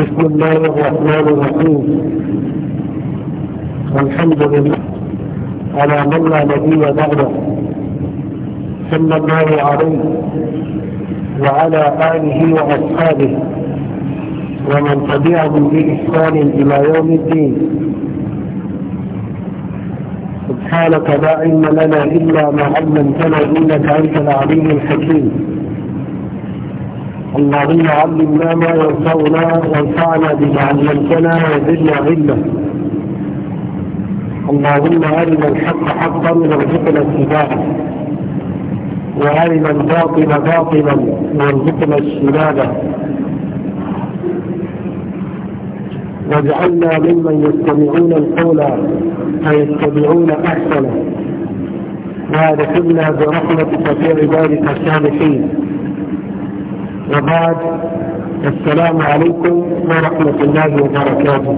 بسم الله الرحمن الرحيم والحمد لله على من لا نبي بعده صلى الله عليه وعلى آله وأصحابه ومن تبعهم بإحسان إلى يوم الدين سبحانك لا علم لنا إلا ما علمتنا إنك أنت العليم الحكيم اللهم علمنا ما ينفعنا وانفعنا بما علمتنا وزدنا علما اللهم ارنا الحق حقا وارزقنا اتباعه وارنا الباطل باطلا وارزقنا اجتنابه واجعلنا ممن يستمعون القول فيتبعون احسنه وادخلنا برحمتك في عبادك الصالحين وبعد السلام عليكم ورحمة الله وبركاته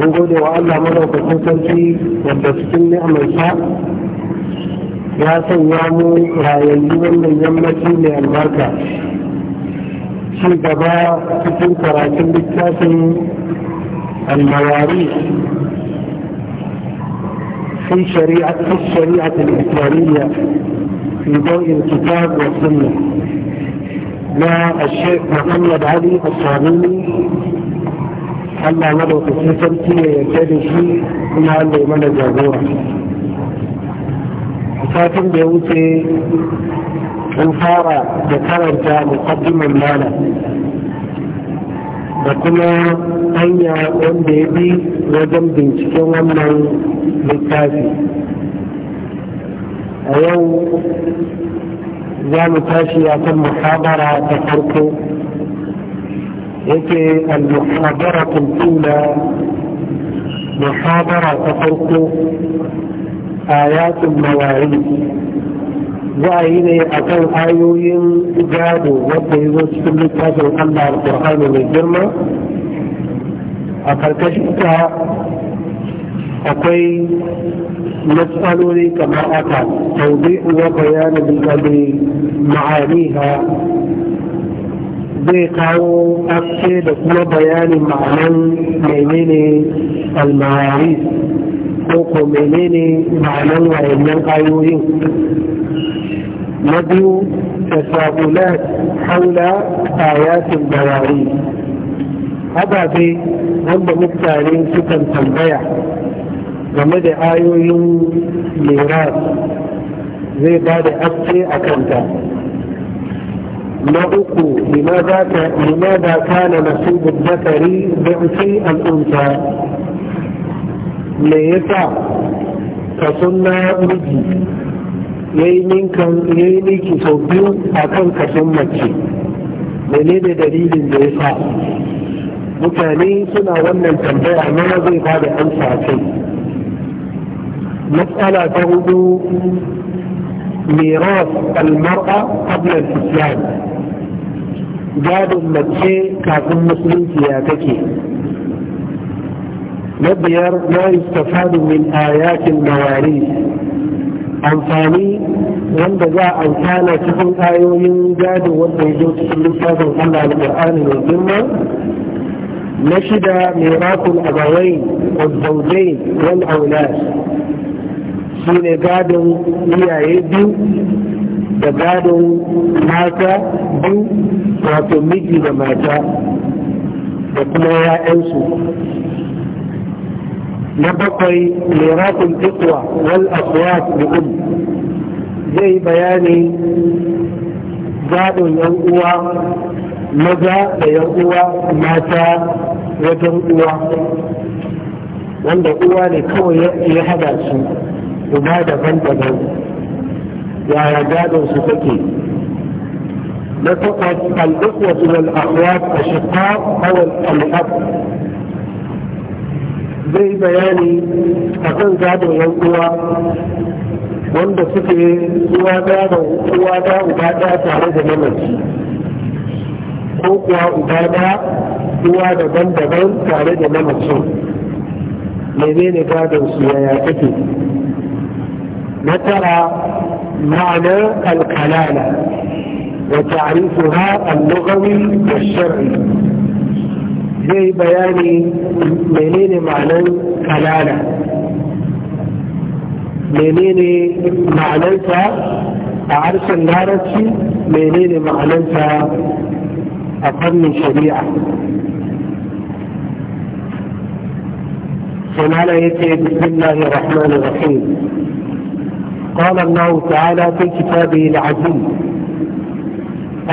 نقول يا مرة ملوك في وتسكن نعم الحق يا سيامو لا يلزم من يمتي من البركة في بابا تكون كراكم بالتاسم المواريث في شريعة في الشريعة الإسلامية في ضوء الكتاب والسنة مع الشيخ محمد علي الصابوني Allah madaukakin sarki ya yarda da shi kuma Allah ya mana jagora. Satin da ya wuce an fara da karanta muqaddiman mala da kuma hanya wanda ya bi wajen binciken wannan littafi. a yau za mu tashi a kan muhabara ta farko yake al-muhabara tuntula muhabara ta farko ayatul mawari za a yi ne a kan ayoyin gado wadda ya zo cikin littafin allah al mai girma a karkashin ta akwai matsaloli kamar aka taubi'u wa bayanin bilkabri ha, zai kawo aske da kuma bayanin ma'anan menene almari ko ko menene ma'anan wayannan ayoyin na biyu da sabulat haula ayatin bawari ababe wanda mutane sukan tambaya game da ayoyin miras zai ba da haske a kanta na uku limaza na nasibin zakari da fi al'unta me yasa kason na miji ya yi miki sau biyu a kan kason mace mene da dalilin da ya sa mutane suna wannan tambaya mana zai ba da amsa kai مسألة تعود ميراث المرأة قبل الإسلام جاد المجيء كاف المسلم سياتكي نبير ما يستفاد من آيات المواريث أن أنفاني وانبذاء أن كان تكون آيوين جاد والبيجو تسلسات وقال القرآن والجمع نشد ميراث الأبوين والزوجين والأولاد su ne gadon iyaye biyu da gadon mata biyu wato miji da mata da kuma ya'yansu na bakwai mai ikwa wal aswat da um zai bayani gadon yan uwa maza da yan uwa mata wajen uwa wanda uwa ne kawai ya hada su kuma daban-daban yaya gadon su take na takwas al'ukwatu wal akhwat ashiqaq aw al-ab zai bayani akan gadon yan uwa wanda suke uwa da uwa da uba da tare da mamaci ko kuwa uba da uwa daban-daban tare da mamacin menene gadon su yaya take ذكر معنى الكلالة وتعريفها اللغوي والشرعي زي بياني منين معنى القلالة منين معنى عرش اللارسي منين معناتها أقل شريعة سنعلى يتي بسم الله الرحمن الرحيم قال الله تعالى في كتابه العزيز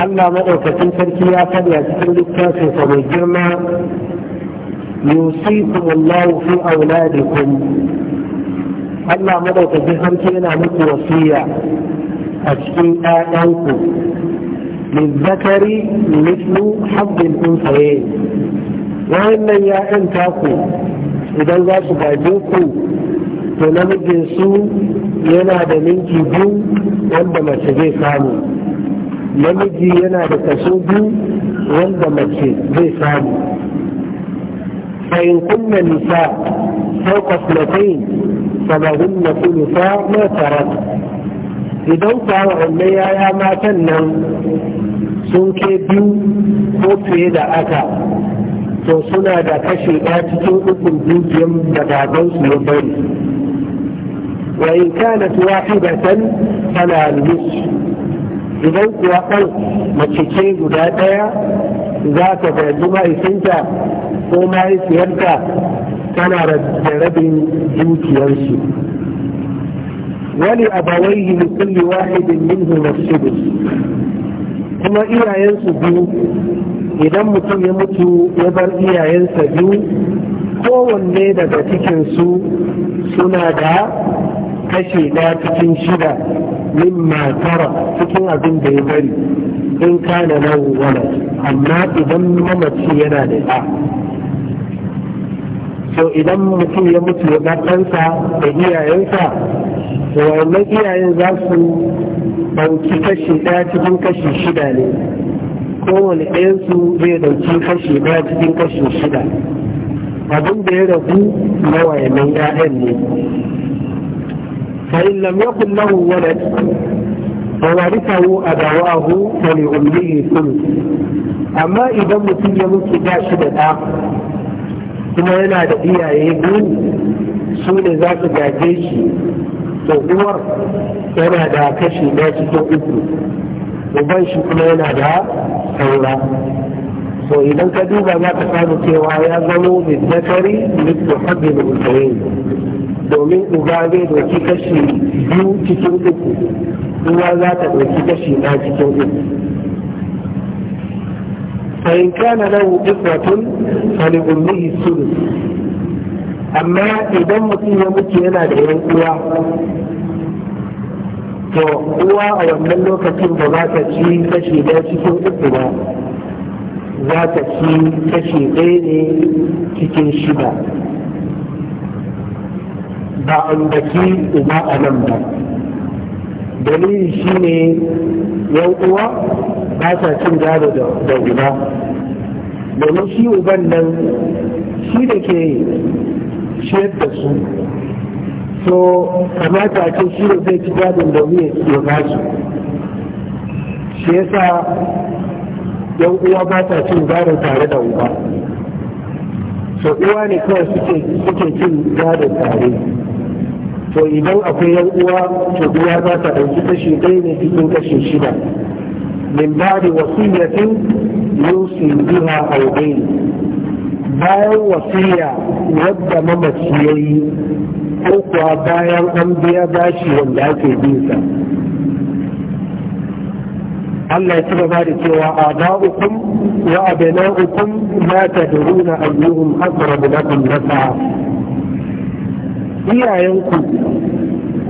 أما مدركة تركيا فليذكر للكاس فمن جرما يوصيكم الله في أولادكم أما مدركة تركيا نعمك وصية أشكي آيانكم للذكر مثل حظ الأنثيين وإن من يأنتاكم إذا الله سبعدوكم ونمجسون yana da minti biyu wanda mace zai samu namiji yana da kaso biyu wanda mace zai samu fa'in kunna nisa sau sulatain sababin na nisa na tarat idan kuwa wa'annan yaya matan nan sun ke biyu ko fiye da aka to suna da kashe ɗaya cikin ukun dukiyan da su ya bari وإن كانت واحدة فلا النصف إذا وقل ما تشيء قداتها ذات تعجبها إسنتا وما mahaifiyarta, tana da rabin dukiyarsu wani abawaihi li kulli wahidin minhu kuma iyayensu biyu idan mutum ya mutu ya bar iyayensa biyu kowanne daga cikinsu suna da kashe ɗaya cikin shida min matara cikin abin da ya bari in kana nan wala amma idan mamaci yana da ɗa so idan mutum ya mutu ya ɗansa da iyayensa to wannan iyayen za su ɗauki kashi ɗaya cikin kashi shida ne kowane ɗayansu zai ɗauki kashi ɗaya cikin kashi shida abin da ya rabu na wayannan 'ya'yan ne فإن لم يكن له ولد فورثه أدواه فلأمه ثلث أما إذا متي منك جاشد الآخر كما ينا دقيا يقول سون ذاك جاجيشي فهور ينا دا كشي ناشي تو إبن وبنش كما ينا دا سورا فإذا كدوبا ما تقام كيوايا ظلو بالذكري مثل حب المتعين domin uba zai dauki kashi biyu cikin uku uwa za ta dauki kashi na cikin uku فإن كان له إخوة فلأمه الثلث Amma idan mutum ya mutu yana da yan uwa to uwa a wannan lokacin ba za ta ci kashi ɗaya cikin uku ba za ta ci kashi ɗaya ne cikin shida ba baki uba a nan ba dalili ne yan uwa ba sa cin gado da uba domin shi uban nan shi da ke ciyar da su so kamata a ce shi da zai ci da domin ya ba su shi yasa yan uwa ba sa cin gado tare da uba so uwa ne kawai suke cin gadon tare to idan akwai yan uwa to uwa za ta ɗauki kashi ɗaya ne cikin kashi shida min ba'di wasiyatin yusi biha aw bayan wasiya wadda mamaci yayi ko kuwa bayan an biya bashi wanda ake bin sa Allah ya ci gaba da cewa aba'ukum wa abna'ukum la tadruna ayyuhum aqrabu lakum nafa'a iyayenku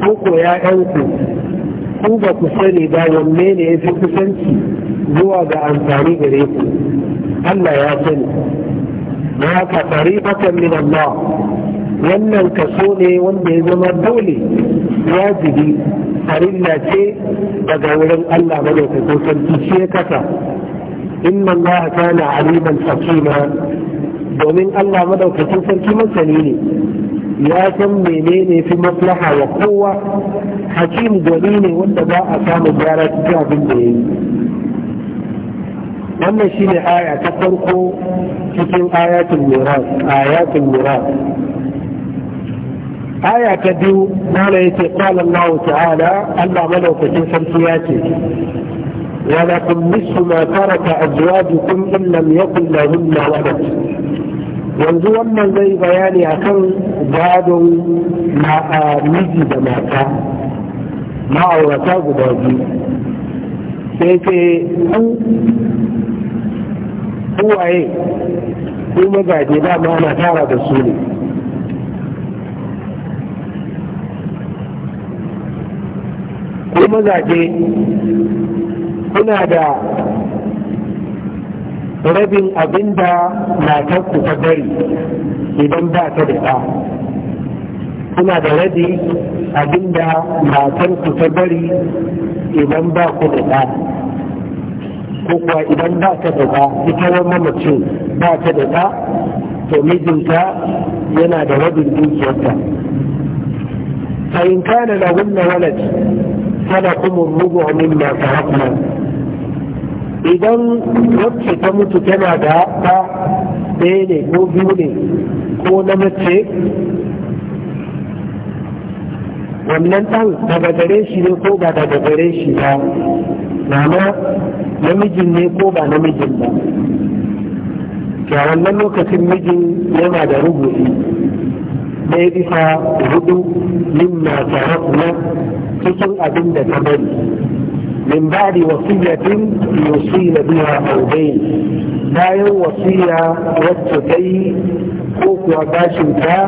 ko ko ‘ya'yanku ku ba ku sani ba wanne ne ya fi kusanci zuwa ga amfani gare ku Allah ya sani na haka tarifatan min Allah wannan kaso ne wanda ya zama dole wajibi farilla ce daga wurin Allah madaukakin shi ya kasa inna Allah kana aliman hakima domin Allah madaukakin sarki masani ne يا منيني في مصلحة وقوة حكيم دليني والدباء أسام الدارة جاب الدين أما الشيء لآية تطرق تكون آيات الميراث آيات الميراث آية تدو قال قال الله تعالى ألا ملوك في سمسياتي ولكم نصف ما ترك أزواجكم إن لم يكن لهن ولد yanzu wannan zai bayani akan gadon miji da mata ma'aurata guda biyu sai ce uwaye ko magaje dama ana tara da su ne ko magaje kuna da rabin abin da matarku ta bari idan ba ta da kuna da rabi abin da matarku ta bari idan ba ku da ɗa ko kuwa idan ba ta da ɗa ita wani mamacin ba ta da ɗa to mijinta yana da rabin dukiyarta fa in kana lahunna walad falakum rubu mimma tarakna idan wacce ta mutu tana da ta ɗaya ne ko biyu ne ko na mace wannan ɗan daga gare shi ne ko ba daga gare shi ba mama namijin ne ko ba namijin ba a wannan lokacin mijin yana da rubuci ɗaya bisa hudu mimma na cikin abin da ta bari من بعد وصية يوصينا بها موضين دائر وصية وصفتي قوك وقاشم تا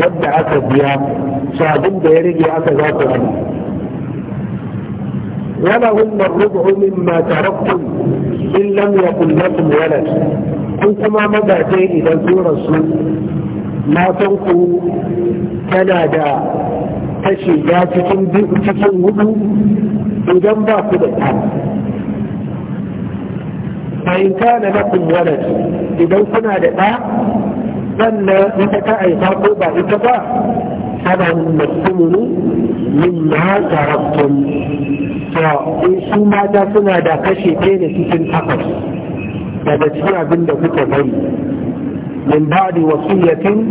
ودع أكبيا صادم بيرجي أكبر ولهم الربع مما تركتم إن لم يكن لكم ولد كنت ما مدى جيد إذا في رسول ما تنقوا كنادا تشيجا تكن بيئتكم idan ba ku da ɗa fa in kana kun walad idan kuna da ɗa sannan ita ta aifa ko ba ita ba saban masumunu min ma tarabtum to in su mata suna da kashe ɗaya da cikin takwas daga cikin abin da kuka bari min ba'di wasiyatin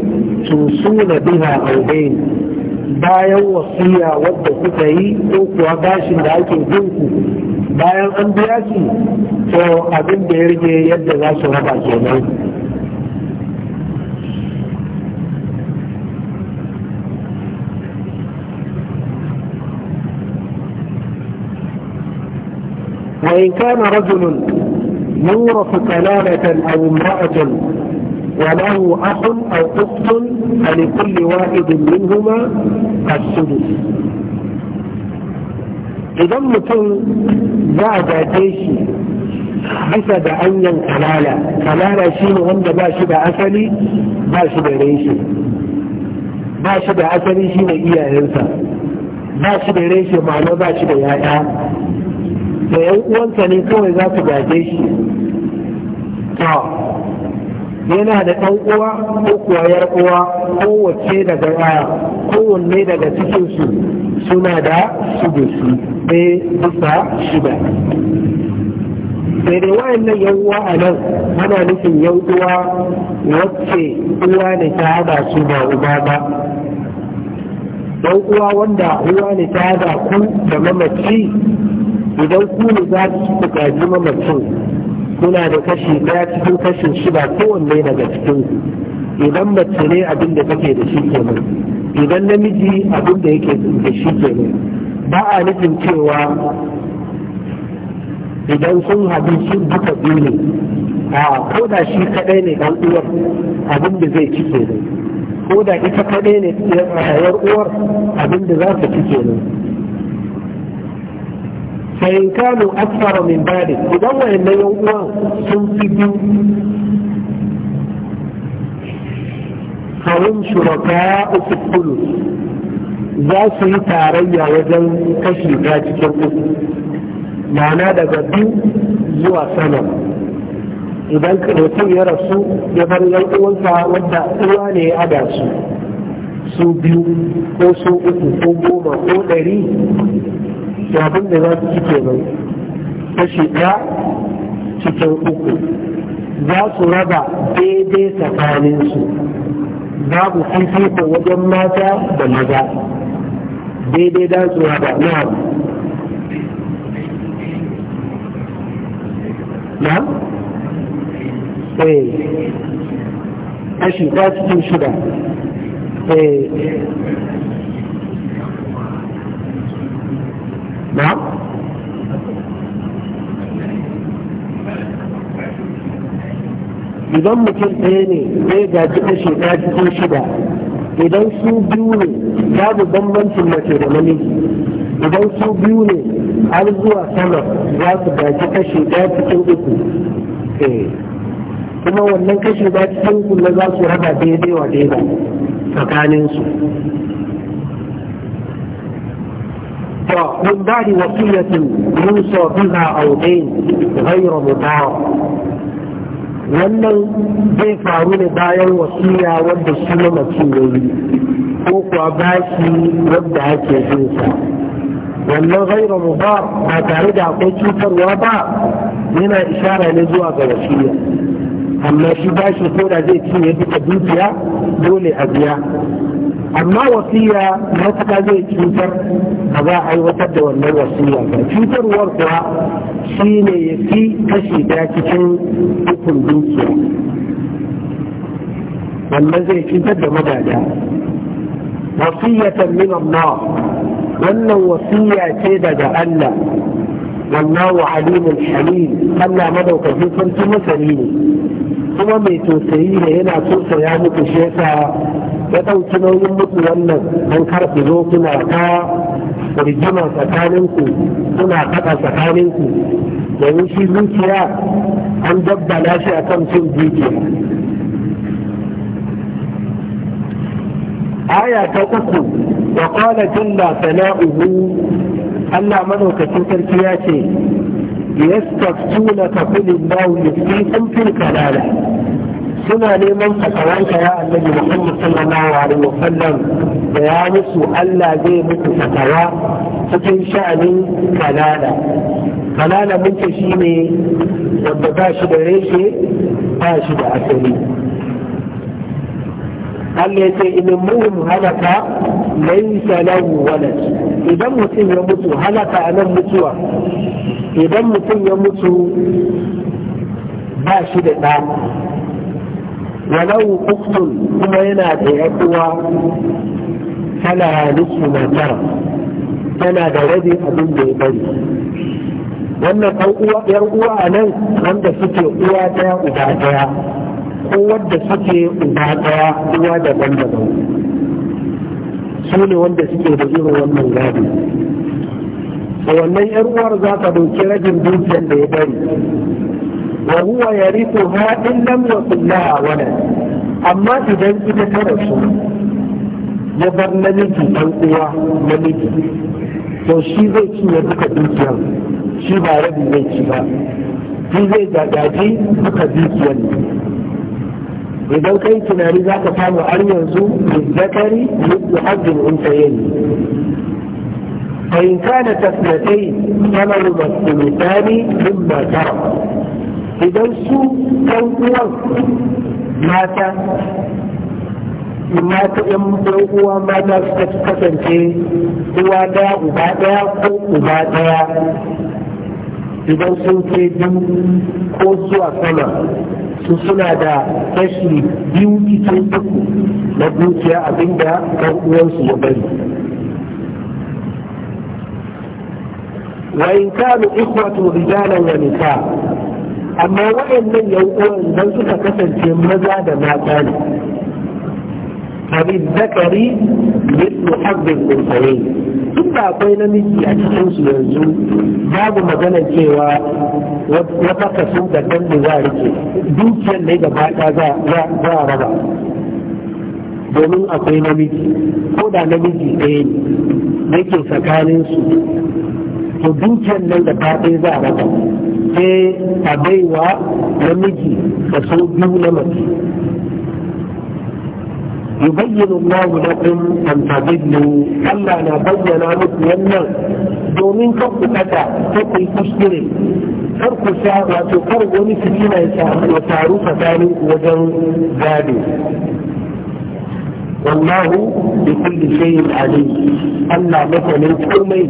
suna biha audain bayan wasiya wadda kuka yi ko kuwa bashin da ake ku bayan an biya su to abin da ya rage yadda za su raba kenan وإن كان رجل يورث كلالة أو امرأة وله أخ أو أخت فلكل واحد منهما السدس idan mutum za a gaje shi bisa da anyan kalala kalala shi ne wanda ba shi da asali ba shi da reshe ba shi da asali shi ne iyayensa ba shi da reshe ma'ana ba shi da yaya da yan uwansa ne kawai za su gaje shi yana da ɗan uwa ko kuwa yar uwa kowace daga yaya kowanne daga cikin su suna da su ɗaya bisa shida sai dai wayannan yan uwa a nan ana nufin yan uwa wacce uwa ne ta haɗa su ba uba ba yan uwa wanda uwa ne ta haɗa ku da mamaci idan ku ne za ku gaji mamacin kuna da kashi ɗaya cikin kashin ba kowanne daga cikin ku idan mace ne abin da take da shi kenan idan namiji abin da yake da shi kenan ba a nufin cewa idan sun haɗu shi duka biyu ne a ko da shi kaɗai ne ɗan uwar abin da zai ci kenan ko da ita kaɗai ne ɗan uwar abin da za ta ci kenan فإن كانوا أكثر من ذلك إذا أن يوم سنفدوا فهم shuraka uku الثلث za su yi tarayya wajen kashi ta cikin uku ma'ana daga biyu zuwa sama idan mutum ya rasu ya bar yan uwansa wanda uwa ne ya ada su su biyu ko su uku ko goma ko ɗari to abin da za su ci kenan kashi ɗaya cikin uku za su raba daidai tsakaninsu babu fifiko wajen mata da maza daidai da su raba na na? eh kashi ɗaya cikin shida eh idan mutum ɗaya ne zai gaji kashe ɗaya cikin shida idan su biyu ne babu bambancin mace da namiji idan su biyu ne har zuwa sama za su gaji kashe ɗaya cikin uku eh. kuma wannan kashe ɗaya cikin uku na za su raba daidai wa daidai tsakaninsu ومن بعد وصية يوصى بها أو دين غير مضار wannan zai faru ne bayan wasiya wadda shi na mutum ya yi ko kuwa bashi wadda ake jinsa wannan gairar mubar ba tare da akwai cutarwa ba yana ishara ne zuwa ga wasiya amma shi bashi ko da zai cinye duka dukiya dole a biya amma wasiya matuƙa zai cutar ba za a aiwatar da wannan wasiya ba cutarwar kuwa shi ne ya fi kashi daya cikin hukun dukiya wannan zai cutar da magada wasiyatan min Allah wannan wasiya ce daga Allah wallahu alimul halim Allah madaukakin sarki masani ne kuma mai tausayi ne yana tausaya muku shi yasa ya ɗauki nauyin mutu wannan an karɓi zo kuna ta rigima tsakaninku kuna faɗa tsakaninku domin shi zuciya an dabbala shi a kan cin zuciya aya ta uku wa qala jalla sana'uhu Allah madaukakin sarki ya ce yastaftunaka qul Allahu yuftikum fil kalala suna neman fatawanka ya annabi Muhammad sallallahu alaihi wa sallam da ya musu Allah zai muku fatawa cikin sha'anin kalala kalala mun shi ne wanda ba shi da reshe ba shi da asali Allah ya ce idan muhim halaka laisa lahu walad idan mutum ya mutu halaka nan mutuwa idan mutum ya mutu ba shi da ɗa walau uktun kuma yana da yaduwa tana nufi na tara tana da rabi abin da ya bari wannan yan uwa a nan wanda suke uwa ɗaya uba ɗaya ko wanda suke uba ɗaya uwa daban-daban su ne wanda suke da irin wannan gadi a wannan yar uwar za ta ɗauki rabin dukiyar da ya bari وهو يرثها إن لم يكن لها ولد أما إذا إذا ترسو يبر نمجي تنقوى نمجي to shi zai cinye duka dukiyar shi ba rabi zai ci ba shi zai gagaji duka dukiyar ne idan kai tunani za ka samu har yanzu zakari yadda hajjin unsayen فإن كانت اثنتين ثمن الثلثان مما ترك idan su ɗan uwan mata mata ɗan uwa mata su ta kasance uwa ɗaya uba ɗaya ko uba ɗaya, idan sun ke biyu ko zuwa sama su suna da kashi biyu cikin uku na dukiya abinda kan uwansu ya bari wa in kanu ikhwatu rijalan wa nisa amma waɗannan yankunan uwan suka kasance maza da mata ne abin zakari mislu haɗin kursare duk da akwai namiji a cikinsu su yanzu babu magana cewa wata kaso da kan za a rike dukiyar ne gaba ta za a raba domin akwai namiji ko da namiji ɗaya ne yake tsakanin su to dukiyar nan da ta ɗaya za a mata sai a baiwa namiji da sau biyu na mace yi bayyana Allahu na ɗin Antabillu Allah na bayyana muku wannan domin kan ku kada ko ku kuskure kar ku sha wato kar wani fitina ya samu ya taru tsakanin wajen gado wallahu bi kulli shay'in alim Allah mutanen komai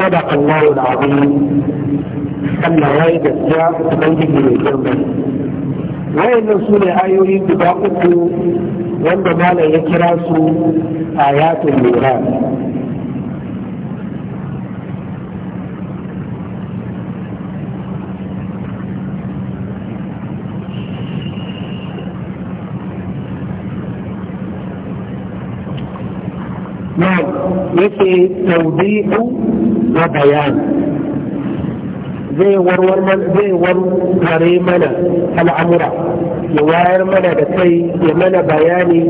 صدق الله العظيم Allah ya yi gaskiya Ubangiji mai girma. Wayannan su ne ayoyi guda uku wanda malam ya kira su a ayatul Miran. yake tawdi'u wa bayan zai warwar zai warware mana al'amura ya wayar mana da kai ya mana bayani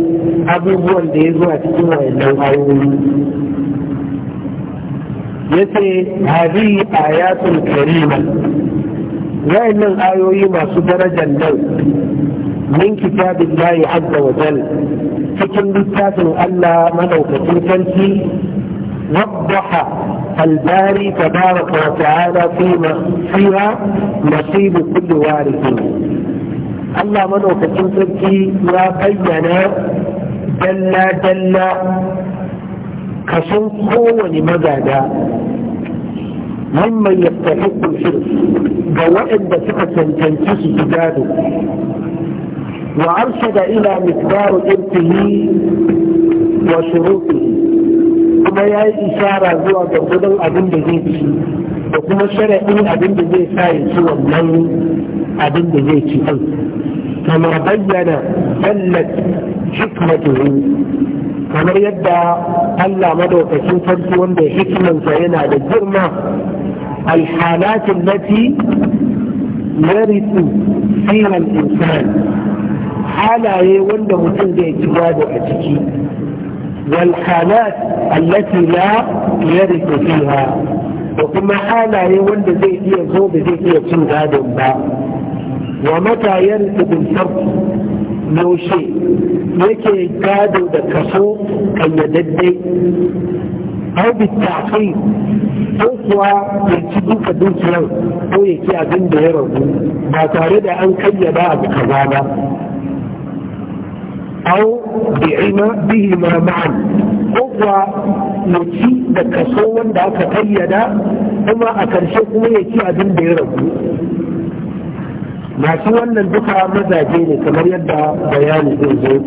abubuwan da ya zuwa cikin wayannan ayoyi yace hadi ayatul karima wayannan ayoyi masu darajar nan min kitabillahi azza wa jalla cikin littafin Allah madaukakin sarki وضح الباري تبارك وتعالى فيما فيها نصيب كل وارث الله منوكتين تركي ما بين دلا دلا كسن قوة مغادا ممن يستحق الحرص بوائد بثقة تنتس جداده وأرشد إلى مقدار إرثه وشروطه kuma ya yi isara zuwa ga gudun abin da zai ci da kuma shari'in abin da zai sa ya ci wannan abin da zai ci ɗin kama bayyana dallat hikmatuhu kamar yadda Allah madaukakin sarki wanda hikimansa yana da girma alhalatin lati yarisu fiha al-insan halaye wanda mutum zai ci gado a ciki والحالات التي لا يرث فيها وكما حالة يولد زي هي صوب زي هي صوب هذا الباء ومتى يرث بالفرق شيء يكي كادو دكسو كي يددي أو بالتعقيد ko kuwa ya ci او يكي ko ya ci abin da ya rabu ba أو da بعمادهما معا هو يتي بكسوا داك تيدا وما أكرشق ويتي أذن بيرب ما سوى أن البكرة ماذا جيني كما يدعى بيان الزوج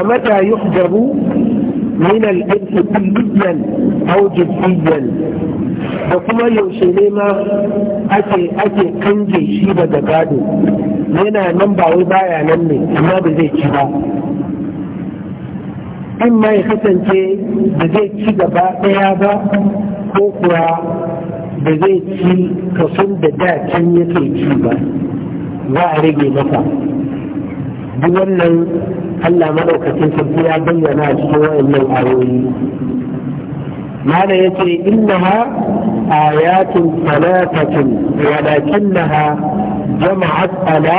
ومتى يحجب من الإرث كليا أو جزئيا da kuma yaushe ne ma ake ake kanje shi daga gado yana nan ba baya nan ne amma ba zai ci ba in ma ya kasance da zai ci gaba ɗaya ba ko kuwa da zai ci kafin da dacin yake ci ba za a rage masa duk wannan Allah maɗaukacin sarki ya bayyana cikin wa'annan ayoyi معنى يتي إنها آيات ثلاثة ولكنها جمعت على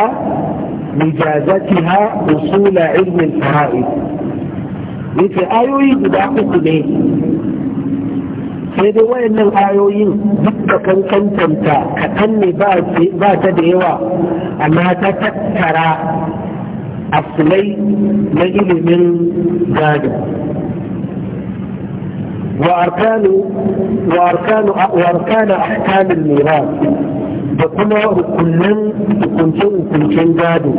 مجازتها أصول علم الفرائض يتي آيوي بداقة ليه sai dai wayannan ayoyin duk da kankantanta kaɗan ne ba ta da yawa amma ta tattara asulai na ilimin gado وأركان وأركان وأركان أحكام الميراث بكما كلن كنت كنت جادو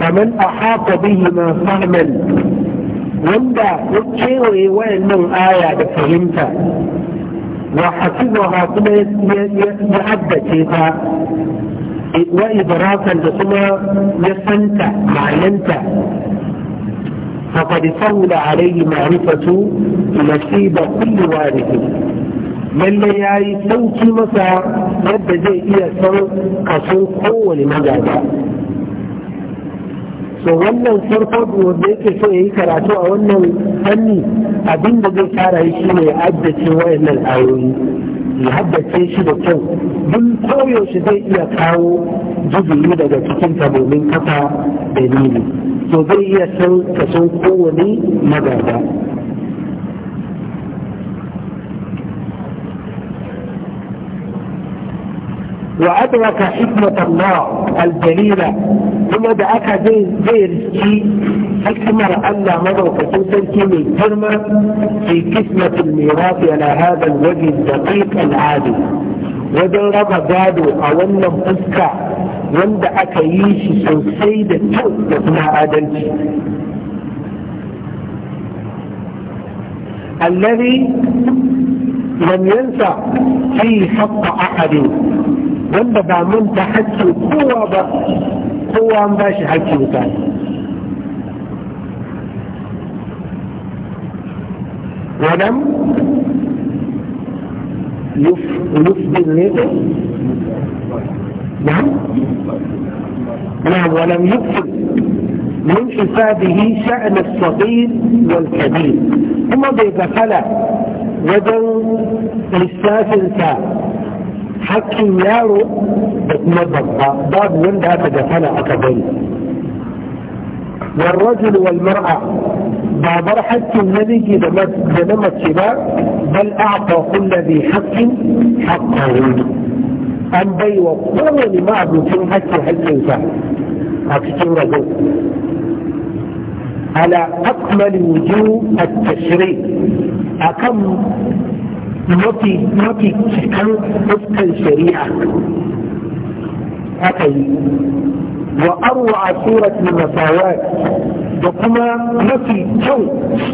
فمن أحاط بهما فهما wanda ya kewaye wayannan aya da fahimta wa hafizaha kuma ya haddace ta wa idrakan da kuma ya santa ma'ananta فقد سهل عليه معرفة nasiba كل وارث lalle ya yi sauki masa yadda zai iya san kaso kowane magana so wannan farko da yake so ya yi karatu a wannan fanni abinda zai fara shi ne ya addace wayannan ayoyi ya haddace shi da kyau duk koyaushe zai iya kawo juzuyi daga cikin ta domin kafa dalili to zai iya san kason kowane magada وأدرك حكمة الله الجليلة ثم دعاك زي زي رسكي حكمة ألا مدعو خصوصا كمي جرمة في كسمة الميراث على هذا الوجه الدقيق العادي ودرب raba gado a wannan fuska wanda aka yi shi sosai الذي لم ينسى في حق أحد من بدا من تحكي قوة قوة مباشي حكي بتاعي ولم يفضي الليل نعم نعم ولم يفضي من حسابه شأن الصغير والكبير هم بيبخلا وده الاستاذ الثالث haƙƙin yaro da kuma babba babu wanda aka gafana aka bari والرجل والمرأة بابر حق النبي دنم السباع بل أعطى كل ذي حق حقه أن بي وقوة ما أبنتم حق حق إنسان أكتور ذو على أكمل وجوه التشريع أكم نعطي نعطي كان وفقا شريعة أتي وأروع سورة من رفاوات وكما نفي جو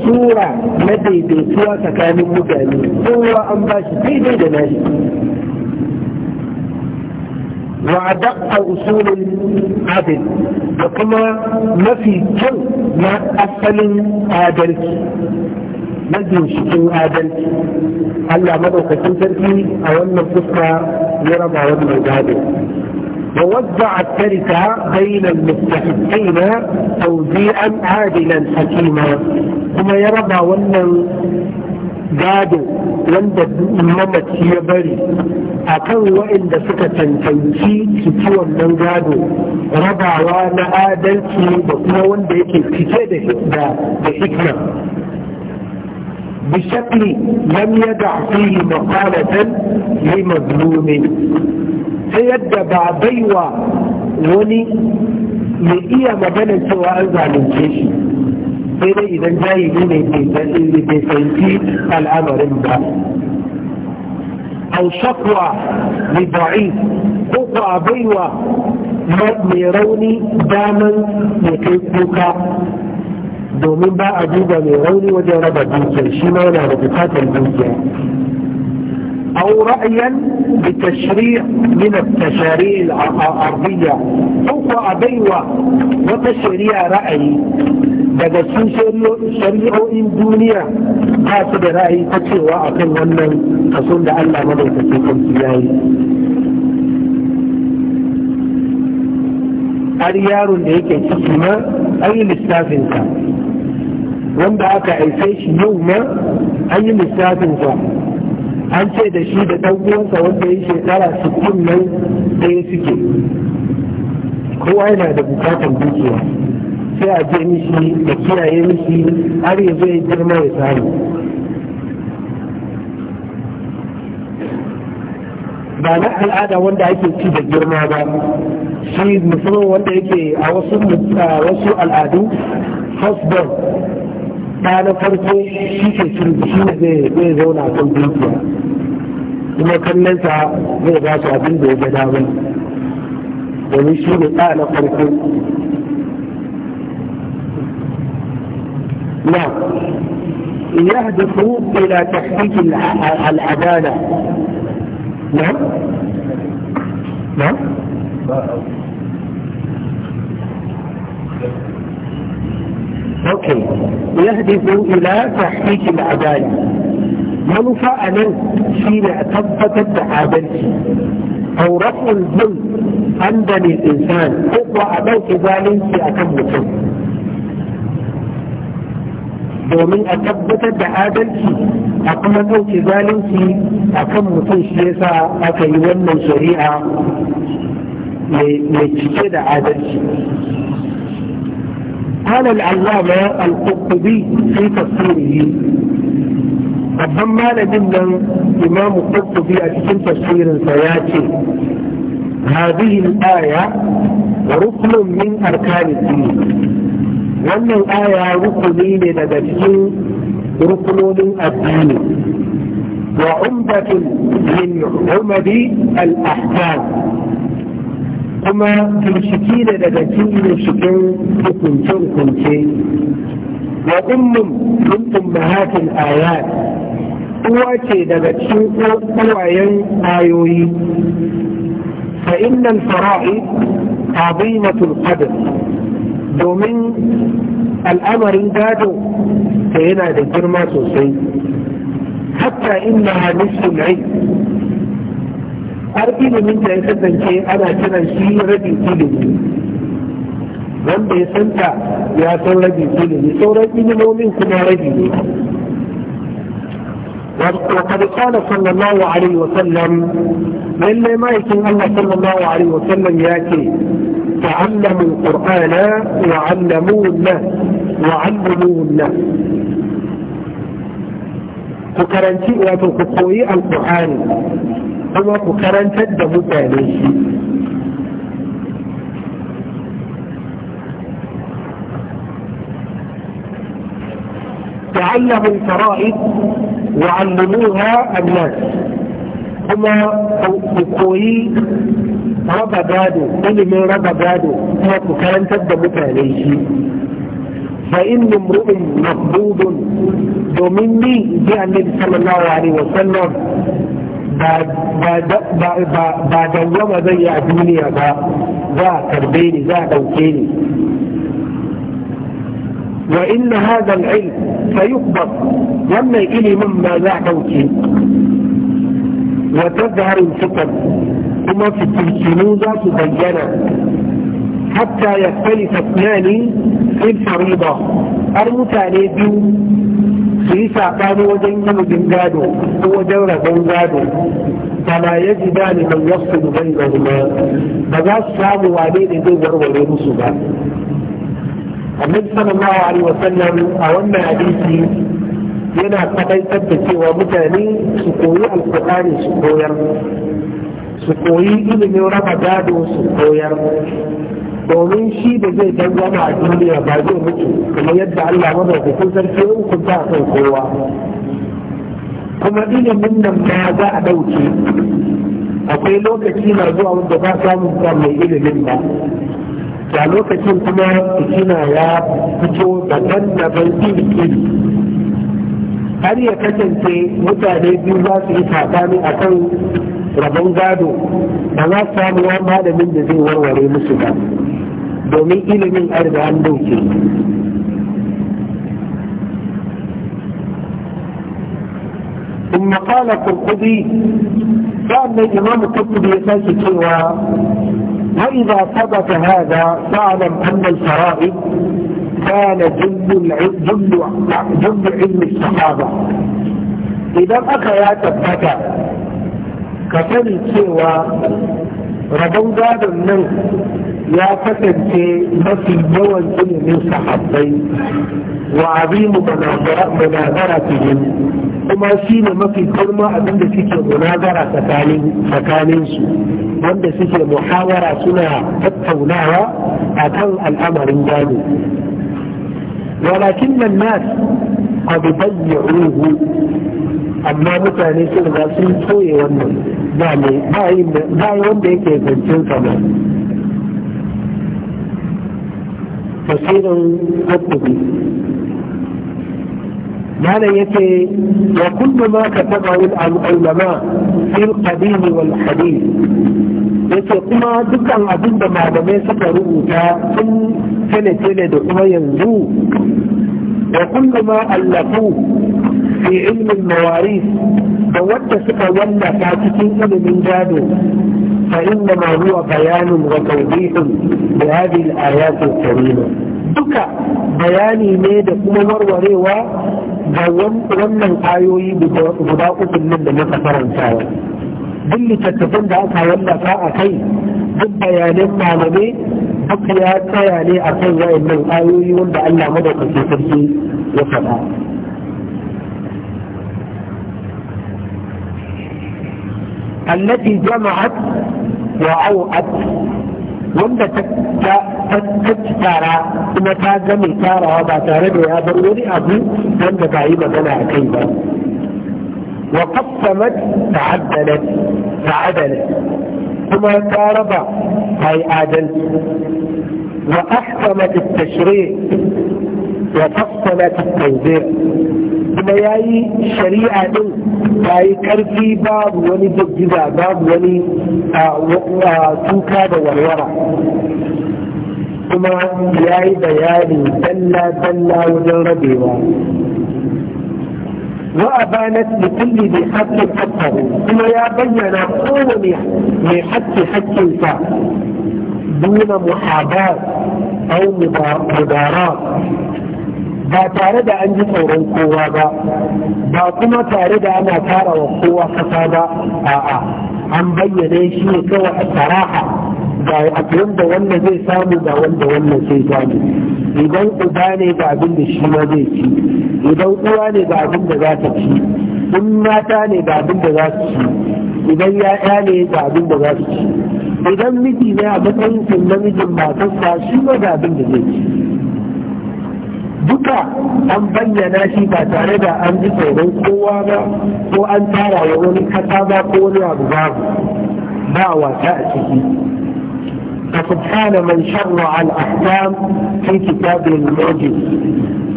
سورة لدي بيتوا تكامل مجاني سورة أنباش في دي دناشي وعدق أصول العدل وكما نفي جو ما أسل عدلك majinshikin adalci Allah madaukakin sarki a wannan fuska ya raba wannan gado ووزع التركة بين المستحقين توزيعا عادلا حكيما كما يرضى ونن gado wanda mamaci ya bari a kan waɗanda suka cancanci ciki wannan gado rabawa na adalci da kuma wanda yake cike da hikma بشكل لم يدع فيه مقالة لمظلوم سيد بابيوة وني لإيا مبنى سوى أنزع للجيش إذا إذا جاي من التنسي الأمر إمبا أو شكوى لضعيف قطع بيوة مدمروني داما لكيبك domin ba a duba mai rauni wajen raba dukiyar shi ma أو رأيا بتشريع من التشريع الأرضية أو أبيوة وتشريع رأي بدسو شريع إندونيا قاسب رأي تتوى أقل ومن تصل لألا مضيك في خمسيان أريار إيكي تسمى أي الاستاذ wanda aka aise shi yau ma an yi lissafin sa an ce da shi da ɗan uwansa wanda ya shekara sittin nan ɗaya suke kowa yana da bukatar dukiya sai a je mishi da kiyaye mishi har ya ya girma ya samu ba na al'ada wanda ake ci da girma ba shi musamman wanda yake a wasu al'adu husband ɗana farko shi ke shirin shi ne zai zauna kan dukiya kuma kallonsa zai ba su abin da ya ga damar domin shi ne ɗana farko na يهدف إلى تحقيق العدالة نعم نعم أوكي. يهدف إلى تحقيق العدالة ملفى أنه فيما تبقى التعادل أو رفع الظلم عند الإنسان تبقى أنه كذلك في أكم مطلق ومن أتبت بعادل في أقمت اوتذال في أقم تنشيسا أكيوان من شريعة لتجد عادل قال العلامة القطبي في تصويره ربما لدينا إمام القطبي في تفسير الفياتي هذه الآية ركن من أركان الدين وأن الآية ركنين لدينا ركن من الدين وعمدة من عمد الأحكام kuma binciki ne daga cikin cikin hukunce-hukunce wa ummin min ummahatil ayat uwa ce daga cikin uwayen ayoyi fa fara'i fara'id azimatul qadr domin al'amarin gado ta yana da girma sosai hatta inna nisful ilm har ilimin da ya kasance ana kiran shi rabin ilimi wanda ya santa ya san rabin ilimi sauran ilimomin kuma rabi ne وقد قال صلى الله عليه وسلم من لم يكون الله صلى الله عليه وسلم ياتي تعلموا القرآن وعلموه الله وعلموه الله وكرنتي وتقوي القرآن kuma ku karantar da mutane shi تعلموا الفرائض وعلموها الناس kuma ku koyi raba gado ilimin raba gado kuma ku karantar da mutane shi fa inni mru'in maqbudun domin ni ji annabi sallallahu alaihi wasallam ba dawwama zai yi a duniya ba za a karbe ni za a ɗauke ni wa inna hadha al-ilm sayuqbad wannan ilimin ba za a ɗauke wa tadhharu al-fitan kuma fitinu za su bayyana hatta yakhtalifa ithnani fil fariḍa ar mutane biyu su yi saɓani wajen ilimin gado ko wajen rabon gado fala ya ji da ne mai yasu da bai ba za su samu wane ne zai warware musu ba annabi sallallahu alaihi wasallam a wannan hadisi yana kadaitar da cewa mutane su koyi alkur'ani su koyar su koyi ilimin raba gado su koyar domin shi da zai zama a duniya ba zai mutu kuma yadda Allah kun sarki ya hukunta a kan kowa kuma ilimin nan ba za a ɗauke akwai lokaci na zuwa wanda ba samun sa mai ilimin ba da lokacin kuma kina ya fito daban-daban iri har ya kasance mutane biyu za su yi tsakani a kan rabon gado ba za su samu wani malamin da zai warware musu ba domin ilimin an an dauke ثم قال قرطبي فأما الإمام القرطبي يساك كيوا وإذا ثبت هذا فاعلم أن الفرائض كان جل جل جل علم الصحابة إذا أخذ ثبت ka sani cewa rabon gadon nan ya kasance mafi yawan ilimin sahabbai wa azimu manazara cikin kuma shi ne mafi girma abinda suke munazara tsakanin su wanda suke muhawara suna tattaunawa a kan al'amarin gado walakin nan nas abu bayyana amma mutane sun riga sun toye wannan ba mai ba wanda yake zancen sama tasirin ƙuɗi malam yake wa kullu ma kataba al ulama fil qadim wal hadith yake kuma dukkan abin da malamai suka rubuta sun tele tele da kuma yanzu Ya kullu ma allafu fi ilmin mawaris da wadda suka wallafa cikin ilimin gado فإنما هو بيان وتوضيح لهذه الآيات الكريمة duka bayani ne da kuma warwarewa ga wannan ayoyi guda uku nan da muka karantawa duk littattafan da aka wallafa a kai duk bayanan malamai duk ya tsaya ne a kan wayannan ayoyi wanda Allah madaukakin sarki ya faɗa التي جمعت وأوعت wanda ta tattara kuma ta game tarawa ba tare da ya bar wani abu wanda ba yi magana a kai ba wa qassamat ta'addalat ta'adalat kuma ta raba ta yi adalci wa ahkamat at-tashri' wa qassamat at-tanzir kuma ya yi shari'a din ta yi karfi babu wani jajjiza babu wani tuka da warwara kuma ya yi bayani dalla-dalla wajen rabewa وأبانت لكل ذي حق حقه ثم يا بينا كل ذي حق حقك دون محاباة أو مضارات ba tare da an ji tsoron kowa ba ba kuma tare da ana tara wa kowa kasa ba a'a an bayyana shi ne kawai a saraha ga wanda wanda zai samu ga wanda wannan sai samu idan uba ne ga abin da shi ma zai ci idan uwa ne ga abin da za ta ci in mata ne ga abin da za su ci idan ya'ya ne ga abin da za su ci idan miji ne a matsayin namijin matarsa shi ma ga abin da zai ci duka an bayyana shi ba tare da an ji tsoron kowa ba ko an tara wa wani kasa ba ko wani abu ba ba wata a ciki فسبحان من شرع الاحكام في كتابه الموجب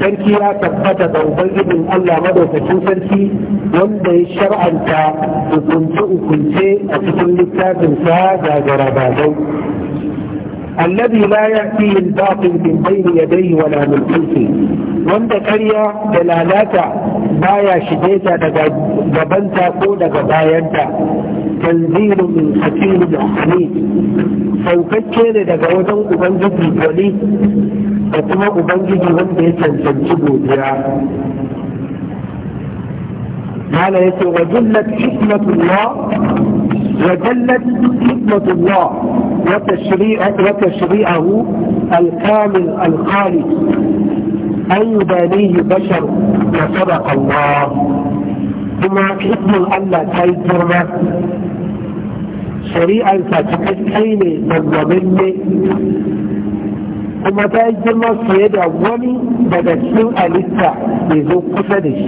sarki ya tabbata da ubangijin Allah madaukakin sarki wanda ya shar'anta hukunce-hukunce a cikin littafinsa ga garabatai الذي لا يأتي الباطل من بين يديه ولا من خلفه وانت كريا دلالات بايا شديتا دبنتا قودة انتا تنزيل من خفيل الحميد فوقت كان دقوتا أبنجد الولي فتما أبنجد من بيتا تنسبه ديا قال يسوع وجلت حكمة الله وجلت حكمة الله وتشريعه الكامل الخالد أي بني بشر وصدق الله بما حكم الله تيترنا شريعا فتحكين من ضمن ثم تيترنا سيد أولي بدأتين ألتا لذوق قصدش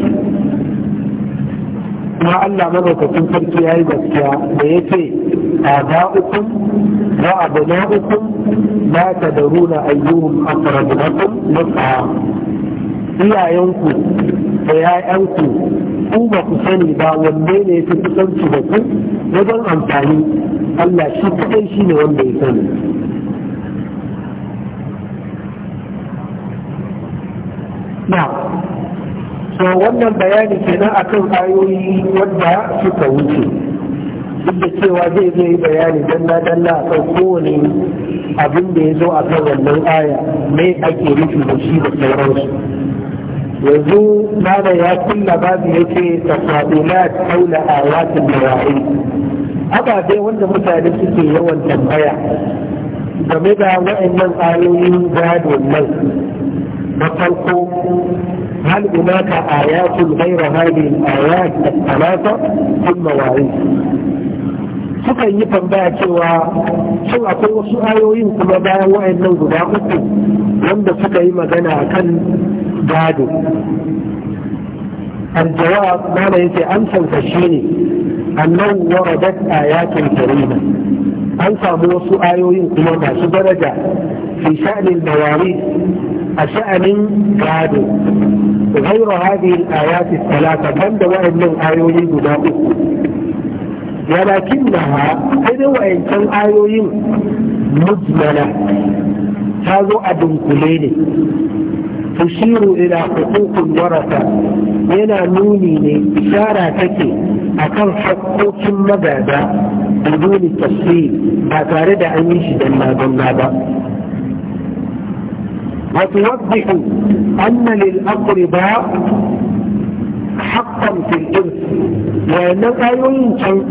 ما ألا مرة تنفر في هذه المسكة آباؤكم وأبناؤكم لا تدرون أيهم أقرب لكم نفعا iyayenku da ‘ya'yanku ku ba ku sani ba wanne ne fi kusanci da ku amfani Allah shi kaɗai shi ne wanda ya sani. Na, so wannan bayani kenan akan ayoyi wanda suka wuce. duk da cewa zai zai yi bayani dalla dalla a kan kowane abin da ya zo a kan wannan aya mai ake nufi da shi da sauransu yanzu nana ya kulla babu ya ce tafadulat haula ayatin mara'i ababe wanda mutane suke yawan tambaya game da wa'annan ayoyin gado nan na farko هل هناك آيات غير هذه الآيات الثلاثة ثم وعيد Kukan yi tambaya cewa shin akwai wasu ayoyin kuma bayan wa'in guda uku wanda suka yi magana a kan gado aljawa mana yake amsar sa shi ne annan waradat a yakin karima an samu wasu ayoyin kuma masu daraja fi sha'anin dawari a sha'anin gado غير هذه الآيات الثلاثة من دوائر من آيوني قدامه ولكنها إذا وإن كان آيوين مجملة هذا أدن كليني تشير إلى حقوق الورثة ينا نونين إشارة تكي أكن حقوق مبادة بدون التفصيل أتارد أن يشد النابا وتوضح أن للأقرباء حقا في الإرث وإنما ينكر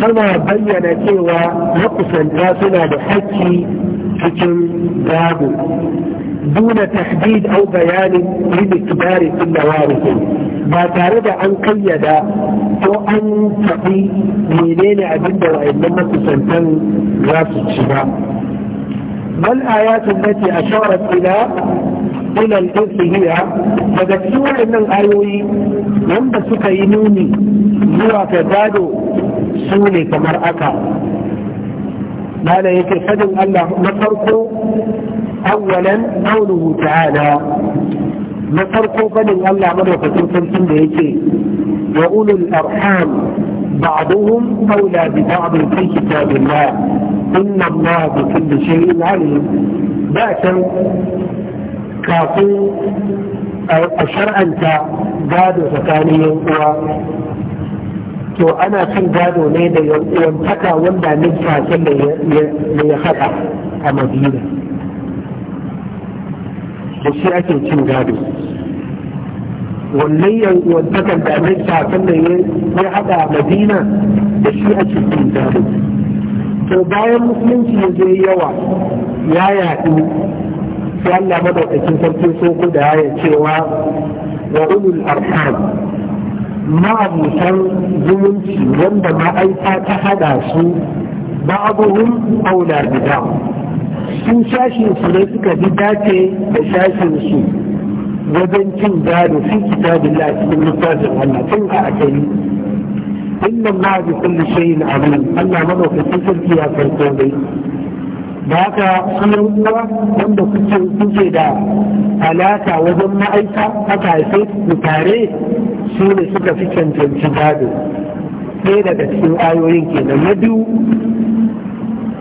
سنة بيّن كيوة نقص الراسنة بحكي حكم باب دون تحديد أو بيان لمكبار كل وارث ما تارد عن قيدة وأن تقي منين أبدا وإنما تسنتن راس الشباب ما الآيات التي أشارت إلى ila al-ihya daga cikin waɗannan ayoyi wanda suka yi nuni zuwa ga gado su ne kamar aka معنى يكي فدن الله نفرقه أولا قوله تعالى نفرقه فدن الله مرة تنسل يكي وأولو الأرحام بعضهم أولى ببعض في كتاب الله إن الله بكل شيء عليم بأسا kafin a shar'anta gado tsakanin yan uwa to ana cin gado ne da yantaka wanda numfashin da ya haɗa a madina da shi ake cin gado wannan yantakan da numfashin da ya haɗa a madina da shi ake cin gado to bayan musulunci ya je yawa ya yaɗu sai Allah madaukakin sarki so ku da ya cewa wa ulul arham ma'abutan zumunci wanda ma'aika ta hada su ba'abuhum aula bida su shashin su ne suka bi dace da shashin su wajen cin gado fi kitabillah cikin littafin Allah tun a akali inna ma bi kulli shay'in alim Allah madaukakin sarki ya farko dai da haka sanarwa wanda kuke da alaka wajen ma'aika aka haife ku tare su ne suka fi cancanci gado ɗaya daga cikin ayoyin kenan na biyu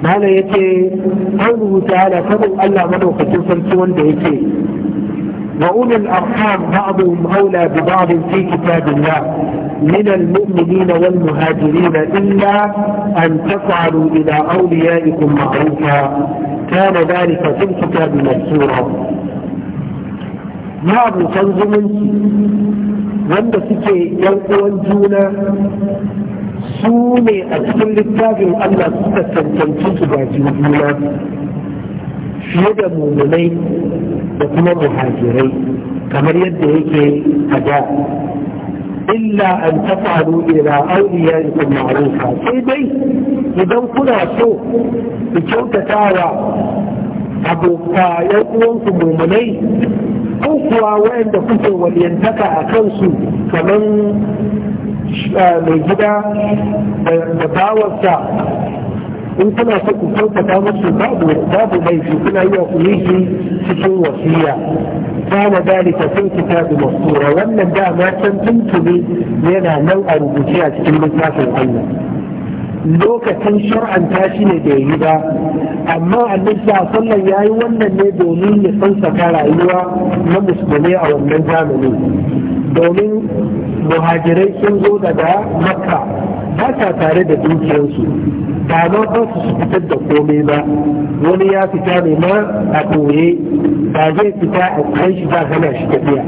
mana ya ce an rubuta ana saboda Allah madaukakin sarki wanda yake wa ulul arham ba'dhum aula bi ba'd fi kitabillah من المؤمنين والمهاجرين إلا أن تفعلوا إلى أوليائكم معروفا كان ذلك في الكتاب مكسورا يا أبو صنز منك وانت سكي ينقوا الجونة سومي أكثر للتاجر ألا تستثن تنسوك بعد يومنا في يد المؤمنين وكما مهاجرين كما يد هيك أداء إلا أن تفعلوا إلى أوليائكم معروفا سيدي إذا كنا سوء بجوتة تاوى أبو كايان وانكم مؤمنين ko kuwa wayanda kuke waliyantaka a kansu kamar mai gida da bawarsa in kuna so ku kyautata musu babu babu laifi kuna yi wa kulisi cikin wasiya kana dalika sun kitabu masura wannan dama can tuntuni yana nan a rubuce a cikin littafin Allah lokacin shar'anta shi ne bai yi ba amma annabi sallan ya yi wannan ne domin ya saka rayuwa na musulmi a wannan zamani domin muhajirai sun zo daga makka ba ta tare da dukiyarsu ba ma ba su fitar da komai ba wani ya fita ne ma a koye ba zai fita a kai shi ba hana shi tafiya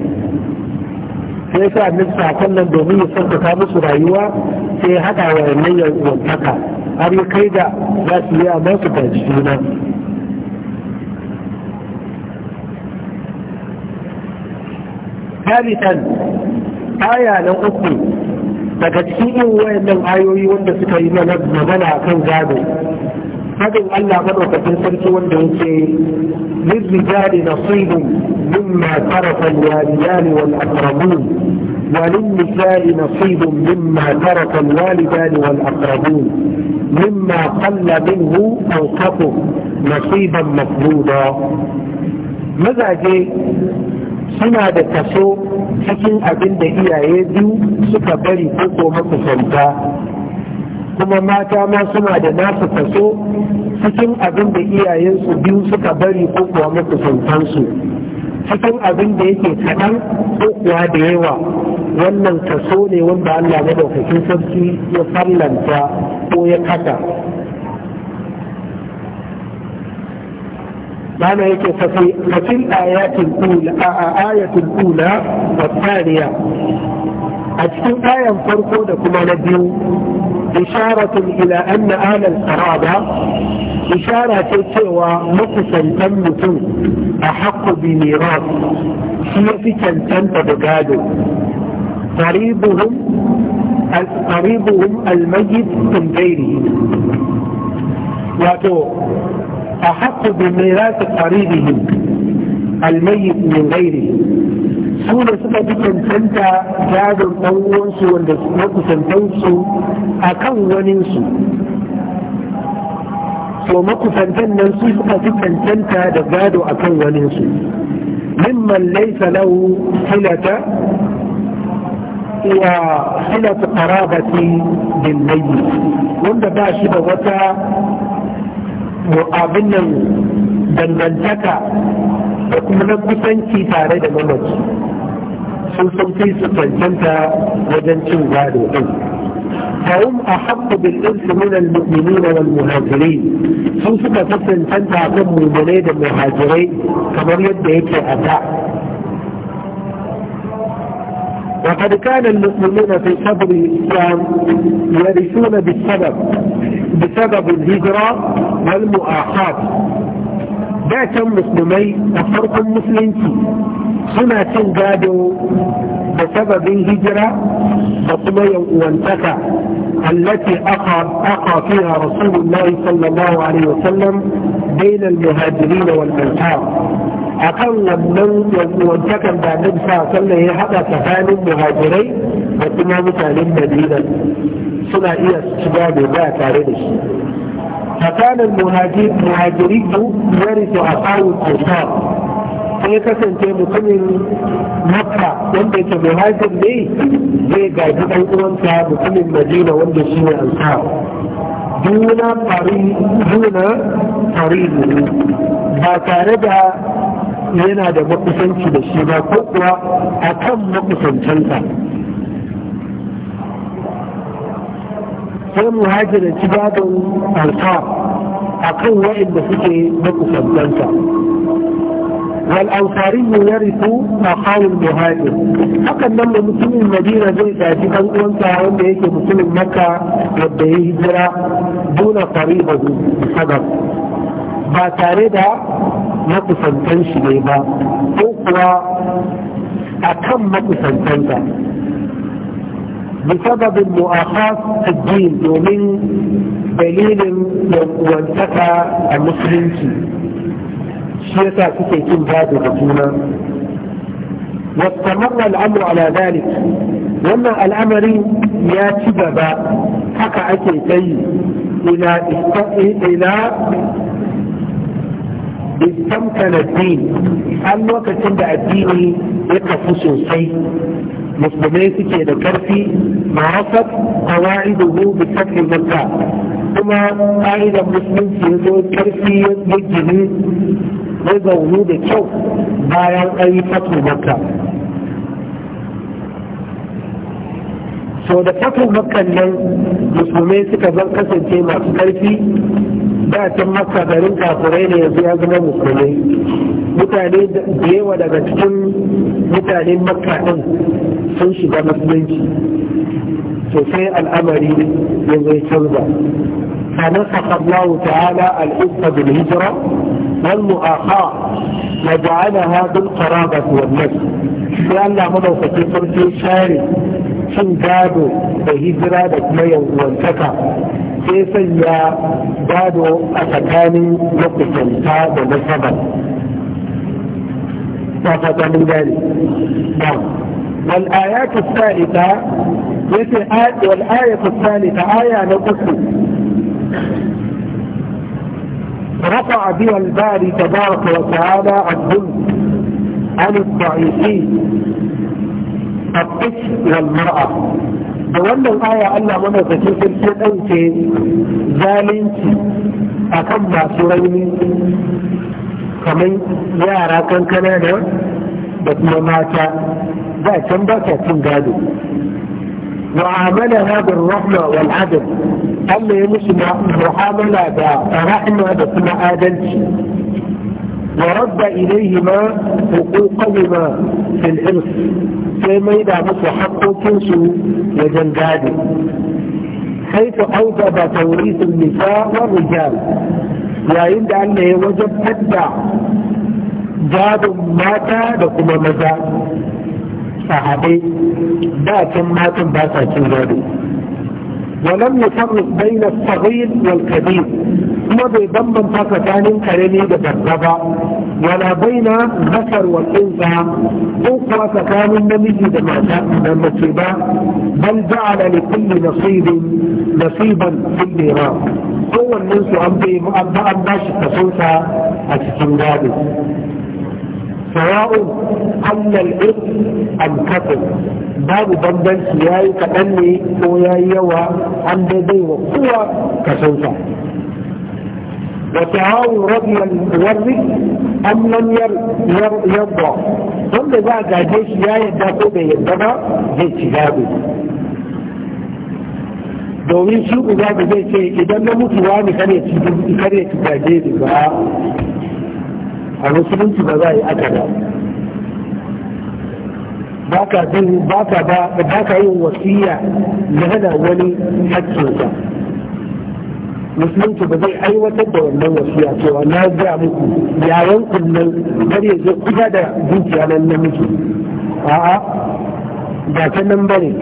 sai sa annabi sallan domin ya sansaka musu rayuwa da ya haɗa wa yanayin yawon har yi kai da za su yi a masu da juna ثالثا na uku daga cikin yin wayannan ayoyi wanda suka yi mana magana a kan gado fadin Allah madaukakin sarki wanda yake lirrijali nasibun mimma tarafa al wal aqrabun وللنساء نصيب مما ترك الوالدان والأقربون مما قل منه أو قطر نصيبا مفروضا mazaje suna da kaso cikin abin da iyaye biyu suka bari ko ko makusanta kuma mata ma suna da nasu kaso cikin abin da iyayensu biyu suka bari ko kuwa makusantansu cikin abin da yake kaɗan ko da yawa wannan kaso ne wanda Allah na daukakin sarki ya sallanta ko ya kasa معنى يكي ففي, ففي الآيات الأولى آية الأولى والثانية farko آية kuma na نبيو إشارة إلى أن آل القرابة إشارة سوى مقصا أمة أحق بميراث هي فتن تنتبقاده قريبهم قريبهم الميت من غيره واتو أحق بميراث قريبهم الميت من غيره su ne suka fi cancanta gadon ɗan wanda wanda makusantansu a kan waninsu so makusantan nan su suka fi cancanta da gado a kan waninsu mimman laisa lahu silata wa silata qarabati bil mayyit wanda ba shi da wata abin nan dangantaka da kuma na kusanci tare da mamaci su wajen cin gado فهم أحق بالإرث من المؤمنين والمهاجرين sun suka fi cancanta kan mummunai da muhajirai kamar yadda yake a وقد كان المؤمنون في صدر الإسلام يرثون بالسبب بسبب الهجرة والمؤاخاة ذاك المسلمين أفرق المسلمين suna cin gado da sababin hijira da kuma yan'uwantaka التي أقى فيها رسول الله صلى الله عليه وسلم بين المهاجرين والأنصار akan wannan wancakan da annabi sa sallan ya haɗa tsakanin muhajirai da kuma mutanen Madina suna iya shiga da ba tare da shi tsakanin muhajiri yarisu a tsawon sai kasance mutumin makka wanda yake muhajir ne zai gaji ɗan uwansa mutumin madina wanda shi ne ansar duna fari ba tare da yana da makusanci da shi ba ko kuwa a kan makusancinsa sai muhajirin ci babin ansar a kan waɗanda suke makusantansa والأنصاري يرث أخاه المهاجر فقد لما مسلم المدينة زي تأتي أن أنت عند هيك مسلم مكة يبدأ هجرة دون طريقة حدث ba نقصا da makusantan أخرى أكم نقصا ko بسبب المؤاخاة في الدين ومن دليل وانتفى المسلمين shi yasa suke kin gado da juna wattamarra al'amu ala dalik wannan al'amarin ya ci gaba haka ake sayi, ila ila istamta an lokacin da addini ya kafu sosai musulmai suke da karfi ma'asar kawai da rubu sakin maka kuma ƙa'idar musulunci ya zo karfi ya gini ya zaunu da kyau bayan an yi makka sau da fatu makkan nan musulmai suka zan kasance masu karfi da can makka garin kafurai ne yanzu ya zama musulmai mutane da yawa daga cikin mutanen makka ɗin sun shiga musulunci sosai al'amari yanzu ya canza فنطق الله تعالى الحفة بالهجرة والمؤاخاة وجعلها بالقرابة والنسل لأن عمده فتصل في شارك شن دادو بهجرة بكمية وانتكى كيف يا دادو أتكاني نقص الفاد ونسبة وفتا من ذلك نعم والآيات الثالثة والآية الثالثة آية نقص رفع بها الباري تبارك وتعالى الظلم عن الضعيفين الطفل والمرأة وانا الآية قال لها تشوف تتوسع الفئة انت ذالنت اكم ما سريني كمي يارا كان كنانا بكما ماتا دا كم باتا تنقادو وعاملها بالرحمة والعدل Allah ya musu mu'amala da rahma da kuma adalci ورد إليهما حقوقهما في الإرث فيما إذا مس حق كنسو وجنجاد حيث أوجب توريث النساء والرجال وعند أنه وجب أدع جاد ماتا لكم مزاد صحابي ذاك ماتا باسا كنجادي ولم يفرق بين الصغير والكبير ما بيضمن فكتان كريمي بالربع ولا بين الذكر والانثى اخرى فكان النمي لما المصيبة بل جعل لكل نصيب نصيبا في الميراث هو الناس أم مؤمن باش التصوصة أتسنجابه sawa'un annal ibn am kafin babu bambanci yayi kaɗan ne ko yayi yawa an daidai wa kowa kasansa وتعاون رضي الورد أم لم يرضى ثم ذا جيش لا يدافع به يدفع domin shi da zai ce idan na mutu wani kare ci gaje da ba a musulunci ba za a yi aka da, baka baka ba baka yin wasiya na hana wani hakkinsa musulunci ba zai aiwatar da wannan wasiya cewa na ga muku yayan kullum bari ya zo kusa da dukiya nan na miki a'a ba ta nan bane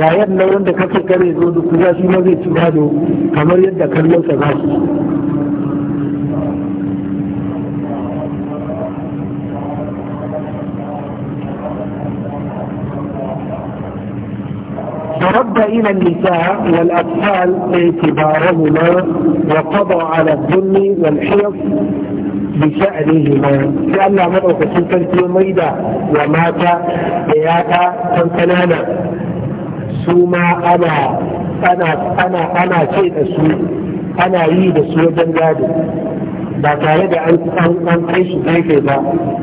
yayan nan wanda kake kare zo da kusa shi ma zai ci gado kamar yadda kallon sa za su فرد إلى النساء والأطفال اعتبارهما وقضى على الذل والحرص بشأنهما لأن مرأة كسل تنتهي ميدا ومات بياتا تنتنانا سوما أنا أنا أنا أنا شيء أسوء أنا يد أسوء جنجاده لا tare أن an kai su kai ba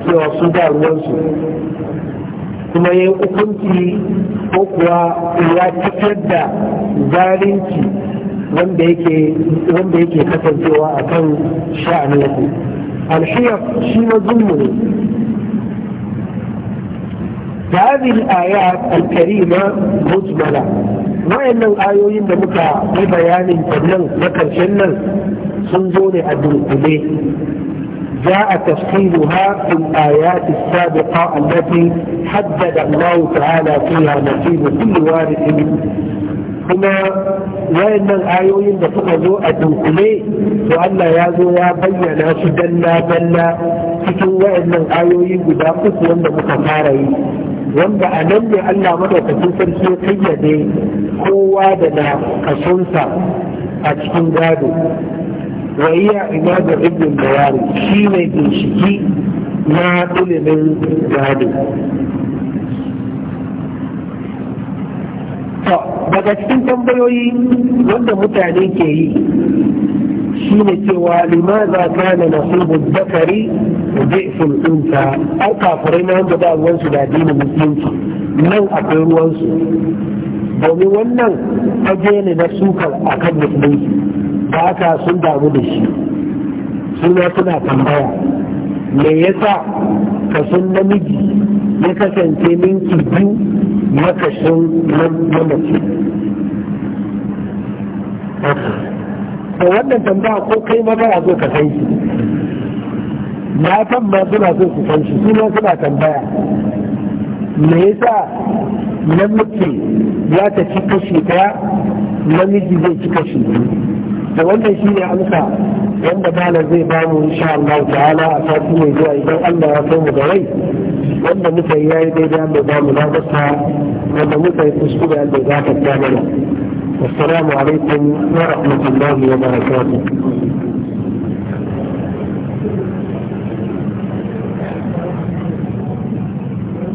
cewa kuma ya yi hukunci ko kuwa ya cikar da zalunci wanda yake wanda yake kasancewa a kan sha'aninku alhiyar shi na zunmu ne da hadin ayat alkarima mujmala wayannan ayoyin da muka yi bayanin nan na karshen nan sun zo ne a dunkule جاء تفصيلها في الآيات السابقة التي حدد الله تعالى فيها نصيب كل وارث هنا وإن الآية يلتقضوا أدوكلي وأن يا زويا بينا شدنا بلا فتو وإن الآية يبدأ قصوا أن متفاري وأن أنمي ألا مدى تفصيل في قيدي قوادنا قصوصا أتكون قادو وهي عماد ابن البواري شيني تنشكي مع كل من ذهبه daga cikin tambayoyi wanda mutane ke yi shi ne cewa limaza kana nasibul zakari zai'ful unsa ai kafirai na wanda ba ruwansu da addinin musulunci nan akwai ruwansu domin wannan aje ne na sukar akan musulunci da sun damu da shi suna suna tambaya me ka sun namiji ya kasance minki biyu makashin kashin na mace da wannan tambaya ko kai magana zo ka san shi matan ma suna so su san shi suna suna tambaya me yasa namiji ya ta ci kashi daya namiji zai ci kashi biyu da wannan shi ne amsa wanda malam zai bamu insha Allah ta'ala a sati mai zuwa idan Allah ya kai mu da rai wanda muka yi yayi daidai Allah ba mu labarta wanda muka yi kuskure Allah za ka ta mana assalamu alaikum wa rahmatullahi wa barakatuh